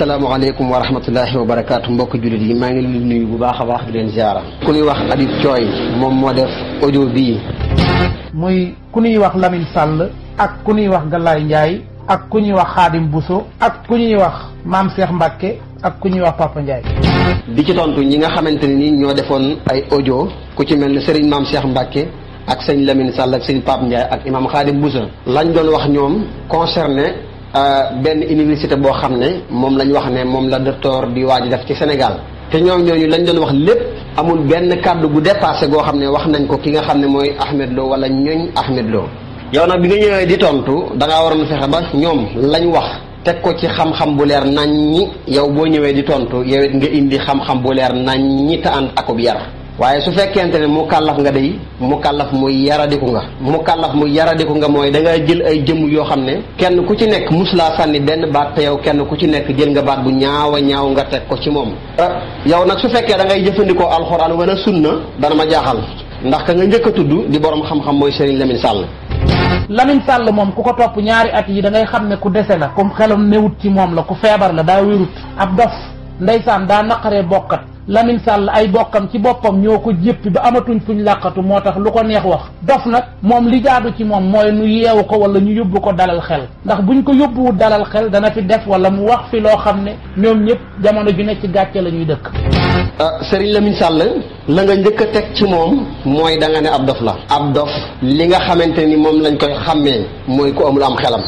asalaamaaleykum wa rahmatullahi wa barakaatu mbokk jullit yi maa ngi leen nuyu bu baax a baax di leen ziara ku ñuy wax Habib Thioy moom moo def audio bii muy ku ñuy wax lamin Sall ak ku ñuy wax Galaye Ndiaye ak ku ñuy wax Xaadim Bousso ak ku ñuy wax Maam Cheikh Mbacke ak ku ñuy wax Papa Ndiaye di ci tontu ñi nga xamante ne ni ñoo defoon ay ojo ku ci mel ni Serigne Maam Cheikh Mbacke ak sëñ Lamine Sall ak sëñ Pape Ndiaye ak Imam Xaadim Bousso lañ doon wax ñoom concerné Euh, benn université boo xam ne moom lañ wax ne moom la docteur di waaj def ci Sénégal te ñoom ñooñu lañ doon wax lépp amul benn kàddu gu dépassé goo xam ne wax nañ ko ki nga xam ne mooy Ahmed Lo wala ñooñ Ahmed Lo yow nag bi nga ñëwee di tontu da ngaa waroon fexe ba ñoom lañ wax teg ko ci xam-xam bu leer nañ ñi yow boo ñëwee di tontu yow it nga indi xam-xam bu leer nañ ñi te ànd akub yar waaye su fekkente ne mu kàllaf nga dey mu kàllaf muy yaradiku nga mu kàllaf muy yaradiku nga mooy da nga jël ay jëmm yoo xam ne kenn ku ci nekk mus sànni benn baat te yow kenn ku ci nekk jël nga baat bu ñaaw a ñaaw nga teg ko ci moom ah. yow nag su fekkee da ngay jëfandikoo alxuraan wala sunna dana ma jaaxal ndax ka nga njëkk a tudd di borom xam-xam mooy Serigne Lamine Sall Lamine Sall moom ku ko topp ñaari at yi da ngay xam ne ku dese la comme xelam newut ci moom la ku feebar la daa wérut ab dof ndeysaan daa naqaree bokkat lamin Sall ay bokkam ci boppam ñoo ko jéppi ba amatuñ fuñ làqatu moo tax lu ko neex wax dof nag moom li jaadu ci moom mooy nu yeewu ko wala ñu yóbbu ko dalal xel ndax buñ ko yóbbuwu dalal xel dana fi def wala mu wax fi loo xam ne ñoom ñëpp jamono ju ne ci gàcce la ñuy dëkk Serigne lamin Sall la nga njëkk a teg ci moom mooy da nga ne ab dof la ab dof li nga xamante ni moom lañ koy xàmmee mooy ku amul am xelam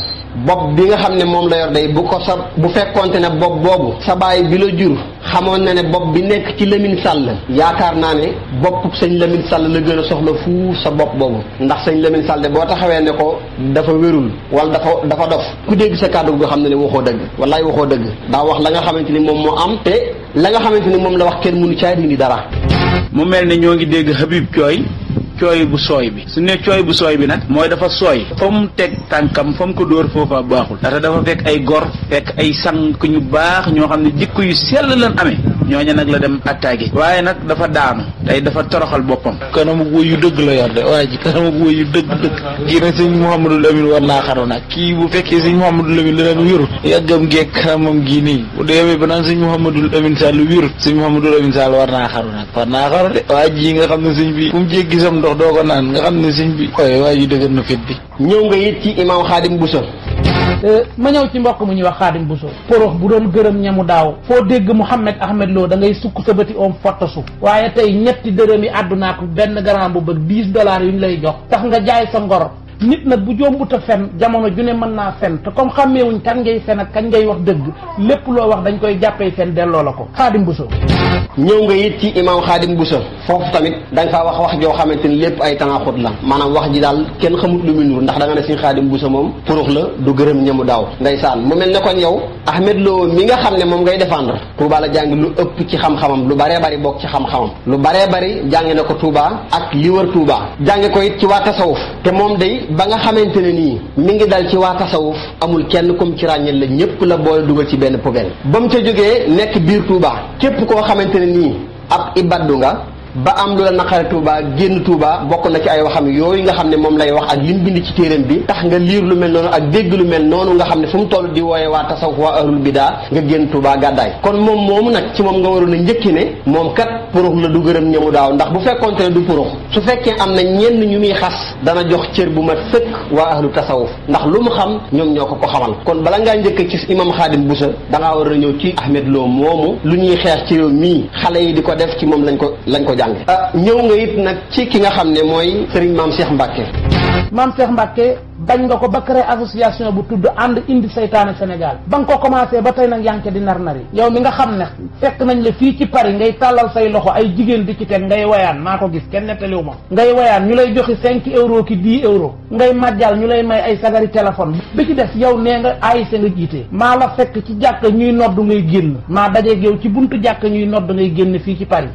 bopp bi nga xam ne moom la yor day bu ko sa bu fekkonte ne bopp boobu sa baay bi la jur xamoon na ne bopp bi nekk ci Lamine Sall yaakaar naa ne bopp sëñ Lamine Sall la gën a soxla fu sa bopp boobu ndax sëñ Lamine Sall boo taxawee ne ko dafa wérul wala dafa dafa dof ku dégg sa kàddu nga xam ne ne waxoo dëgg wallaay waxoo dëgg daa wax la nga xamante ni moom moo am te la nga xamante ni moom la wax kenn mënu caay dindi dara mu mel ne ñoo ngi dégg Habib Thioye cooy bu sooy bi su ne cooy bu sooy bi nag mooy dafa sooy fa teg tànkam fa mu ko dóor foofa baaxul ndaxte dafa fekk ay gor fekk ay sang ku ñu baax ñoo xam ne jikko yu sell lan amee ñooñu nag la dem attaqué waaye nag dafa daanu tey dafa toroxal boppam kanamu wóy yu dëgg la yor de waa ji kanamu wóy yu dëgg dëgg kii nag sëñ Mouhamadou Lamine war naa xaru nag kii bu fekkee sëñ Mouhamadou Lamine la leen wérut yàggam geeg kanamam gii nii bu demee ba naan sëñ Mouhamadou Lamine Sall wérut sëñ Mouhamadou Lamine Sall war naa xaru nag war naa xaru de waa ji nga xam ne sëñ bi ku mu jéggi sam ndox doo ko naan nga xam ne sëñ bi waaye waa ji dëgër na fit bi ñëw nga it ci imam bu Bousso ma ñëw ci mbokk mu ñuy wax xaadim bu soo porox bu doon gërëm ñamu daaw foo dégg Mouhamed Ahmed Lo dangay ngay sukk sa bëti oom fottasu waaye tey ñetti dërëm yi àdduna ak benn grand bu bëgg 10 dollars yu ñu lay jox tax nga jaay sa ngoro nit nag bu jombut a fen jamono ju ne mën naa fen te comme xàmmeewuñ kan ngay fen ak kañ ngay wax dëgg lépp loo wax dañ koy jàppee fen delloo la ko xaadim Bousso ñëw nga it ci imaam xaadim Bousso foofu tamit da nga faa wax wax joo xamante ni lépp ay tanaaxut la maanaam wax ji daal kenn xamut lu mu nur ndax da nga ne si xaadim Bousso moom purux la du gërëm ñamu daaw ndeysaan mu mel ne kon yow Ahmed loo mi nga xam ne moom ngay défendre Touba la jàng lu ëpp ci xam lu baree bari bokk ci xam-xamam lu baree bari jàng na ko Touba ak li wër Touba ko it ci waa tasawuf te moom day ba nga xamante ne nii mi ngi dal ci waa tasawuf amul kenn comme ci ràññeel la ñëpp la boole dugal ci benn poubelle ba mu ca jógee nekk biir Touba képp koo xamante ne nii ab ibaddu nga ba am lu la naqare Touba génn Touba bokk na ci ay waxam yooyu nga xam ne moom lay wax ak lim bind ci téeram bi tax nga liir lu mel noonu ak dégg lu mel noonu nga xam ne fu mu toll di wooye waa tasawuf waa ahlul bidaa nga génn Touba gàddaay kon moom moomu nag ci moom nga waroon a njëkki ne moom purux la du gërëm ñamu daaw ndax bu fekkoonte ne du purux su fekkee am na ñenn ñu muy xas dana jox cër bu mat sëkk waa ahlu tasawuf ndax lu mu xam ñoom ñoo ko ko xamal kon bala ngaa njëkk a gis imam xaadim busa dangaa war a ñëw ci ahmed loo moomu lu ñuy xeex ci réew mii xale yi di ko def ci moom lañ ko lañ ko jàng ah, ñëw nga it nag ci ki nga xam ne mooy sëriñ maam Cheikh Mbacke maam Cheikh Mbacke bañ nga ko ba créé association bu tudd ànd indi saytaane Sénégal ba nga ko commencé ba tey nag yaa ngi ca di nar nari yow mi nga xam ne fekk nañ la fii ci Paris ngay tàllal say loxo ay jigéen di ci teg ngay wayaan maa ko gis kenn nettaliwu ma ngay wayaan ñu lay joxe cinq euros ki dix euros ngay màjjal ñu lay may ay sagari téléphone bi ci des yow nee nga ASC nga jiite maa la fekk ci jàkk ñuy nodd ngay génn maa dajeeg yow ci buntu jàkk ñuy nodd ngay génn fii ci Paris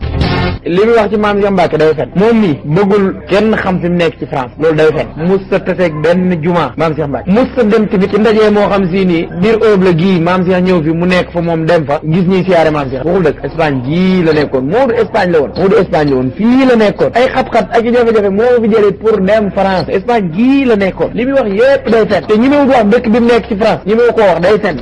li muy wax ci maam Cheikh Mbacke day fen moom mii bëggul kenn xam fi mu nekk ci France loolu day fen mus sa taseeg benn juma maam Cheikh Mbacke mus sa dem tamit ci ndaje moo xam si nii biir ëpp gii maam Cheikh ñëw fi mu nekk fa moom dem fa gis ñuy siyaare maam Cheikh waxul dëgg Espagne gii la nekkoon moo du Espagne la woon fii la nekkoon ay xat-xat ak i jafe moo fi jëlee pour dem France Espagne gii la nekkoon li muy wax yépp day fen te ñi ma wax dëkk bi mu nekk wax day fen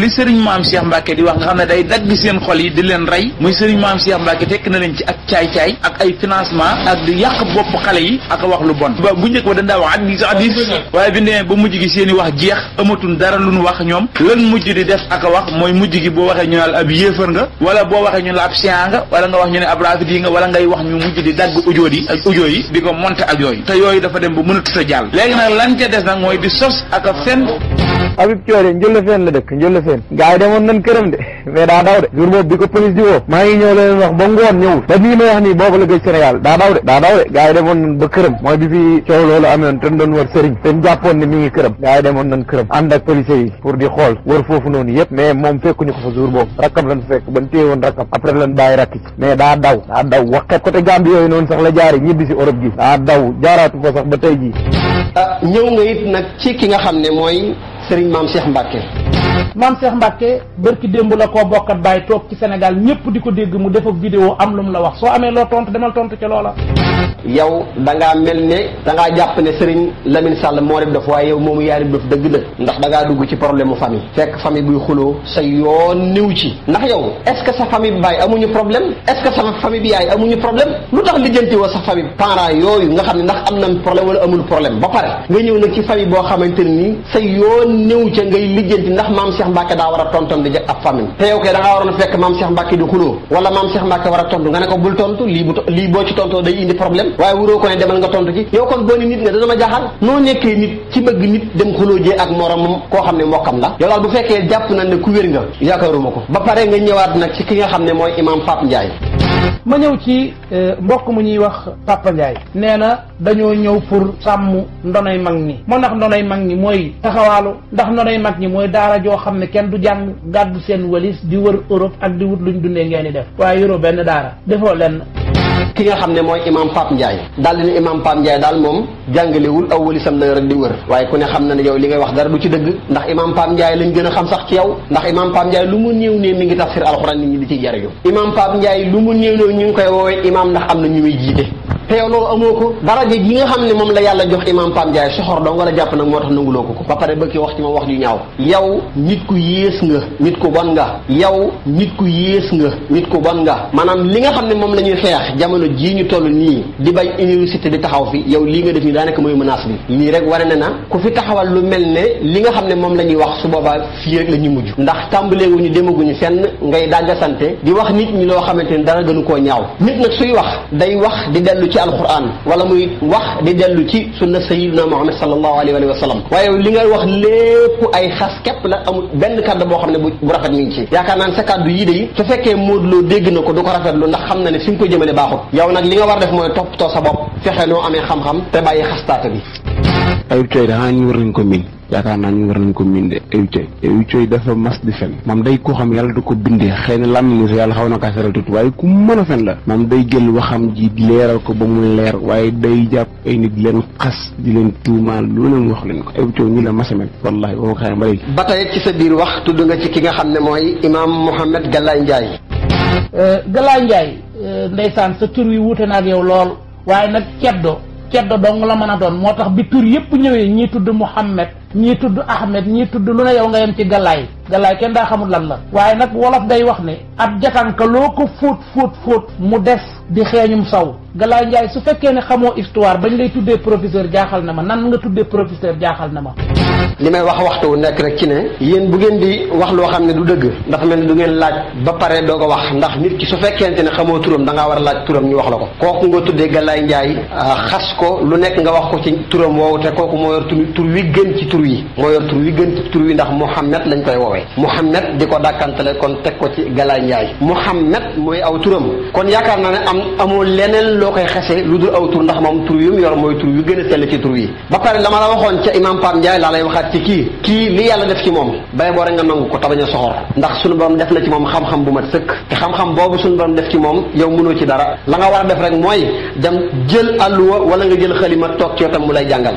li sëriñ maam cheikh mbàkke di wax nga xam ne day dagg seen xol yi di leen rey muy sëriñ maam cheikh mbàkke tekk na leen ci ak caay-caay ak ay financement ak di yàq bopp xale yi ak wax lu bon ba bu njëkk ba dañ daa wax addis addis waaye bi nee ba mujj gi seen i wax jeex amatun dara lu ñu wax ñoom lan mujj di def ak wax mooy mujj gi boo waxee ñu ab yéefar nga wala boo waxee ñu ne ab sian nga wala nga wax ñu ab rafid nga wala ngay wax ñu mujj di dagg ujóo yi ak ujóo yi di ko monte ak yooyu te yooyu dafa dem ba mënatut a jàll léegi nag lan ca des nag mooy di sos ak a Habib Coore Njëllafeen la dëkk Njëllafeen gars yi demoon nañ këram de mais daa daw de jour boobu bi ko police di woo maa ngi ñëw leen wax ba ngoon ñëwul ba nii ma wax nii boobu la gëj Sénégal daa daw de daa daw de gars yi demoon nañ këram mooy bi fi coow loolu amoon ten doon wër sëriñ ten jàppoon ni mi ngi këram gars demoon nañ këram ànd ak policiers yi pour di xool wër foofu noonu yëpp mais moom fekkuñu ko fa jour boobu rakkam lañ fekk ban téye woon rakkam après lañ bàyyi rakk sax la jaari ñibbi si ba tey ji ah, ñëw nga it ki nga xam ne mooy sëriñ maam Cheikh Mbacke. maam Cheikh Mbacke barki démb la koo bokkat baay toog ci Sénégal ñëpp di ko dégg mu def ak am lu mu la wax soo amee loo tontu demal tontu ci loola. yow da ngaa mel ne da ngaa jàpp ne Serigne Lamine Sall moo leen def waaye yow moomu yaa leen def dëgg la ndax da ngaa dugg ci problème mu famille fekk famille buy xuloo sa yoon niw ci ndax yow est ce que sa famille baay amuñu problème est ce que sa famille bi yaay amuñu problème lu tax lijjanti woo sa famille parents yooyu nga xam ne ndax am nañ problème wala amul problème ba pare nga ñëw nag ci famille boo xamante ni sa yoon niw ca ngay lijjanti ndax maam Cheikh Mbacke daa war a tontam di jëkk ab famille te yow kay da ngaa waroon fekk maam Cheikh Mbacke di xuloo wala maam Cheikh Mbacke war a tontu nga ne ko bul tontu lii bu lii boo ci tontoo day indi problème waaye wuroo ko ne demal nga tontu ci yow kon boo ni nit nga dana ma jaaxal noo nekkee nit ci bëgg nit dem xuloo jee ak moromam koo xam ne mbokkam la yow daal bu fekkee jàpp nañ ne ku wér nga yaakaaruma ko ba pare nga ñëwaat nag ci ki nga xam ne mooy imam Pape Ndiaye ma ñëw ci euh, mbokk mu ñuy wax Papa Ndiaye nee na dañoo ñëw pour sàmm ndonay mag ñi moo ndax ndonay mag ñi mooy taxawaalu ndax ndonay mag ñi mooy daara joo xam ne kenn du jàng gàddu seen walis di wër Europe ak di wut ñu dundee ngeen di def waaye Europe benn daara defoo lenn ki nga xam ne mooy imam Pape Ndiaye daal di ne imam Pape Ndiaye daal moom jàngalewul aw walisam la rek di wër waaye ku ne xam na ne yow li ngay wax dara du ci dëgg ndax imam Pape Ndiaye lañ gën a xam sax ci yow ndax imam Pape Ndiaye lu mu néew ne mi ngi tafsir alxuraan nit ñi di ciy jariñu imam Pape Ndiaye lu mu néew ne ñu ngi koy woowee imam ndax am na ñu muy jiite te yow loolu amoo ko daraja ji nga xam ne moom la yàlla jox imam Pam Ndiaye soxor dong wala jàpp nag moo tax nanguloo ko ko ba pare bëgg wax ci moom wax ju ñaaw yow nit ku yées nga nit ku bon nga yow nit ku yées nga nit ku bon nga maanaam li nga xam ne moom la ñuy xeex jamono jii ñu toll nii di bañ université di taxaw fi yow lii nga def nii daanaka mooy menace bi lii rek wane ne na ku fi taxawal lu mel ne li nga xam ne moom la ñuy wax su boobaa fii rek la ñuy mujj ndax tàmbaleewuñu demaguñu fenn ngay dàggasante di wax nit ñi loo xamante ne dara gënu koo ñaaw nit nag suy wax day wax di dellu ci alquran wala muy wax di dellu ci sunna sayiduna muhammad sallallahu alayhi wa sallam waaye li nga wax lépp ay xas képp la amul benn kàddu boo xam ne bu rafet mi ngi ci yaakaar naan sa kàddu yii day su fekkee Modou Lo dégg na ko du ko rafetlu ndax xam na ne fi nga ko jëmale baaxut yow nag li nga war def mooy toppatoo sa bopp fexe noo amee xam-xam te bàyyi xastaata bi ayib coy da xanaa ñu ko miin kata ñu war nañ ko minde ew coy ew coy dafa mas di fen moom day ko xam yàlla du ko binde xëy na lam ni yàlla xaw na kaa seral tut waaye ku mën a fen la moom day jël waxam ji leeral ko ba mu leer waaye day jàpp ay nit leen xas di leen tuumaal lu leen wax leen ko ew coy ñu la masamel wallahi ba ma ba ba tey ci sa biir wax tudd nga ci ki nga xam ne mooy imam mohammed galaay ndiaye euh, galaay ndiaye euh, ndeysaan sa tur wi wuute naag yow lool waaye nag ceddo ceddo dong la mën a doon moo tax bi tur yépp ñëwee ñii tudd mohammed ñii tudd Ahmed ñii tudd lu ne yow nga yem ci gàllaay galaay kenn da xamul lan la waye nak wolof day wax ne ab jatanka ka loko foot foot foot mu def di xéñum saw galaay njaay su fekkee ne xamoo histoire bañ lay tuddé professeur jaaxal na ma nan nga tuddé professeur jaaxal na ma limay wax waxtu nek rek ci ne yeen bu ngeen di wax lo xamne du deug ndax mel du ngeen laaj ba paré doo ko wax ndax nit ki su fekkente ne xamoo turam da nga wara laaj turam ñu wax la ko kooku nga tuddé Galaay Njaay ah, xass ko lu nek nga wax ko ci turam wowo te koku mo yor tur wi gën ci tur wi mo yor tur wi gën ci tur wi ndax mohammed lañ koy woowe woowee Mouhamed di ko dàkkantale kon teg ko ci Galaay Njaay Mouhamed mooy aw turam kon yaakaar naa ne am amul leneen loo koy xese lu dul aw tur ndax moom tur yu mu mooy tur yu gën a sell ci tur ba pare la ma la waxoon ca imam Pam Ndiaye laa lay waxaat ci kii kii li yàlla def ci moom bay boo rek nga nangu ko tabañ a soxor ndax sunu borom def la ci moom xam-xam bu mat sëkk te xam-xam boobu sunu borom def ci moom yow mënoo ci dara la nga war a def rek mooy dem jël àlluwa wala nga jël xalima toog ci yotam mu lay jàngal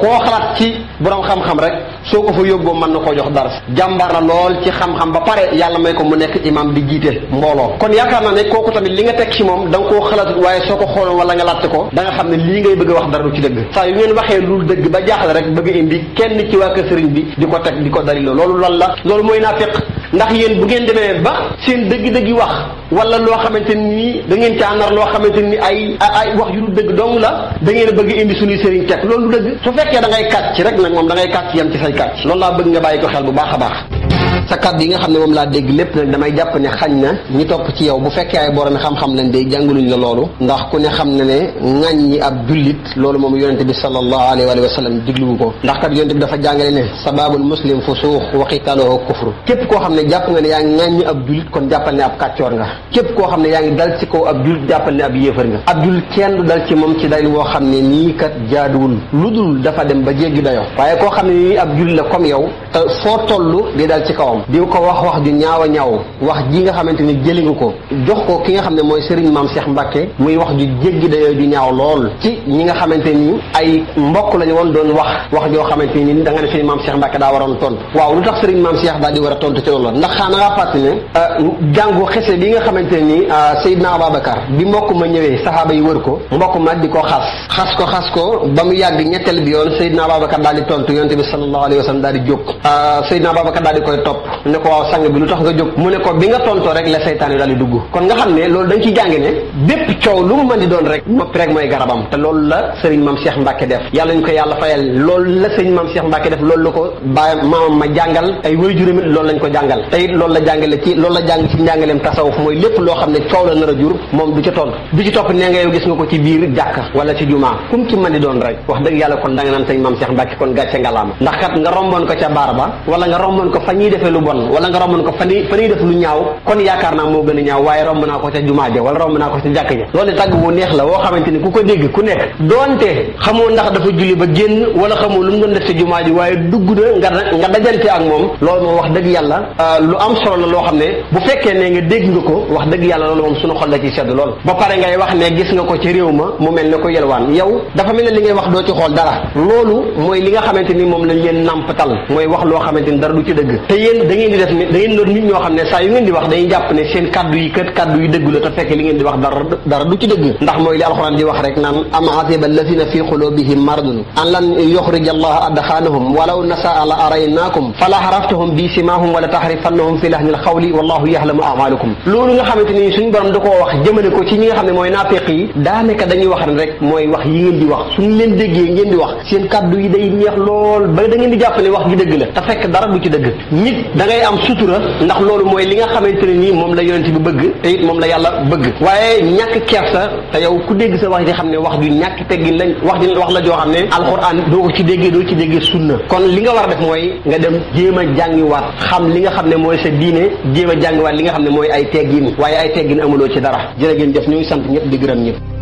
koo xalaat ci borom xam-xam rek soo ko fa yóbboo mën na koo jox dara jàmbaar la lool ci xam-xam ba pare yàlla may ko mu nekk imam di jiite mbooloo kon yaakaar na ne kooku tamit li nga teg ci moom da nga koo xalaatut waaye soo ko xooloon wala nga laajte ko da xam ne lii ngay bëgg wax dara du ci dëgg saa yu ngeen waxee lu dëgg ba jaaxle rek bëgg indi kenn ci waa sëriñ bi di ko teg di ko daliloo loolu lan la loolu mooy naa féq ndax yéen bu ngeen demee ba seen dëgg-dëgg wax wala loo xamante ni da ngeen caa nar loo xamante ni ay ay wax yu du dëgg dong la da ngeen bëgg indi suñuy sëriñ teg loolu du dëgg su fekkee da ngay kàcc rek nag moom da ngay kàcc yam ci say kàcc loolu laa bëgg nga bàyyi ko xel bu baax a baax sa kàddu yi nga xam ne moom laa dégg lépp nag damay jàpp ne xañ na ñi topp ci yow bu fekkee ay borom xam-xam lañ day jàngaluñ la loolu ndax ku ne xam ne ne ŋàññi ab jullit loolu moom yonente bi sallallahu alayhi wa sallam digluwu ko ndax kat yonente bi dafa jàngale ne sababul muslim fusuuq wa qitaaluhu kufru képp koo xam ne jàpp nga ne yaa ngi ŋàññi ab jullit kon jàppal ne ab kàccoor nga képp koo xam ne yaa ngi dal ci kaw ab jullit jàppal ne ab yéefar nga ab jullit kenn du dal ci moom ci xam ne nii kat jaaduwul lu dul dafa dem ba jéggi dayo waaye koo xam ne nii ab la comme yow te toll di dal ci kawam loxoom ko wax wax ju ñaaw a ñaaw wax ji nga xamante ni jëli nga ko jox ko ki nga xam ne mooy sëriñ Maam seex mbakke muy wax ju jéggi dayoo ju ñaaw lool ci ñi nga xamante ni ay mbokk lañu woon doon wax wax joo xamante ni da nga ne Serigne Maam Cheikh Mbacke daa waroon tontu waaw lu tax Serigne Maam seex daa di war a tontu ci loolu ndax xanaa nga fàttali ne euh, jàngu xese bi nga xamante ni euh, Seydina Ababacar bi mbokk ma ñëwee saxaaba yi wër ko mbokk ma di ko xas xas ko xas ko ba mu yàgg yoon Seydina Ababacar daal tontu yonent bi sallallahu alayhi wa sallam daal di jóg euh, Seydina Ababacar ne ko waaw sang bi lu tax nga jóg mu ne ko bi nga tontoo rek la saytaan yi daal di dugg kon nga xam ne loolu dañ ci jàng ne bépp coow lu mu mën di doon rek la sëriñ maam Cheikh Mbacke def yàlla ñu la sëriñ maam Cheikh Mbacke la ko baay maamam ma jàngal ay waajuram it loolu lañ ko jàngal te it loolu la loo xam ne coow la moom du ca toll du ci topp nee nga yow gis nga ko ci biir jàkka wala ci jumaa kum ci mën di doon rek wax dëgg yàlla kon da nga maam Cheikh Mbacke kon gàcce ngalaama ndax kat nga romboon ko ca baar ba wala nga romboon ko fa ñuy defee lu bon wala nga romb ko fani fani def lu ñaaw kon yaakaar naa moo gën ñaaw waye romb na ko ci jumaa ja wala romb na ko ci jakk ja loolu tàgg bu neex la wo xamanteni ni ku ko deg ku nekk donte xamoo ndax dafa julli ba genn wala xamoo lu mu doon def ci jumaa ji waye dugg na nga nga dajante ak mom loolu mo wax deug yalla euh, lu am solo la lo xamne bu fekke ne nga deg nga ko wax deug yalla loolu mom suñu xol la ci sedd lool ba pare ngay wax ne gis nga ko ci rew ma mu melni ko yelwaan yow dafa melni li ngay wax do ci xol dara loolu moy li nga xamanteni ni lañ leen nàmpatal moy wax lo xamanteni dara du ci deug te yeen dangeen ngeen di def ne da ngeen doon nit ne saa yu ngeen di wax dañuy jàpp ne seen kaddu yi kat kaddu yu dëgg la te fekk li ngeen di wax dara dara du ci dëgg ndax mooy li alxuraan di wax rek naan am asiba alladina fi qulubihim wala taxrifannahum fi lahnil xawli wallahu yaxlamu amalukum loolu nga xamante ni suñ borom wax jëmale ko ci xam ne mooy naafeq yi daanaka dañuy wax rek mooy wax yi ngeen di wax suñ leen déggee ngeen di wax seen kaddu yi day neex lool ba da wax gi dëgg la ta fekk dara du ci dëgg nit dangay ngay am sutura ndax loolu mooy li nga xamante ne nii moom la yonent bi bëgg te moom la yàlla bëgg waaye ñàkk kersa te yow ku dégg sa wax di xam ne wax ju ñàkk teggin lañ wax di wax la joo xam ne alxuraan doo ko ci déggee doo ci déggee sunna kon li nga war a def mooy nga dem jéem a jàngiwaat xam li nga xam ne mooy sa diine jéem a jàngiwaat li nga xam ne mooy ay teggin waaye ay teggin amuloo ci dara jërë geen jëf ñu ngi sant ñëpp di gërëm ñëpp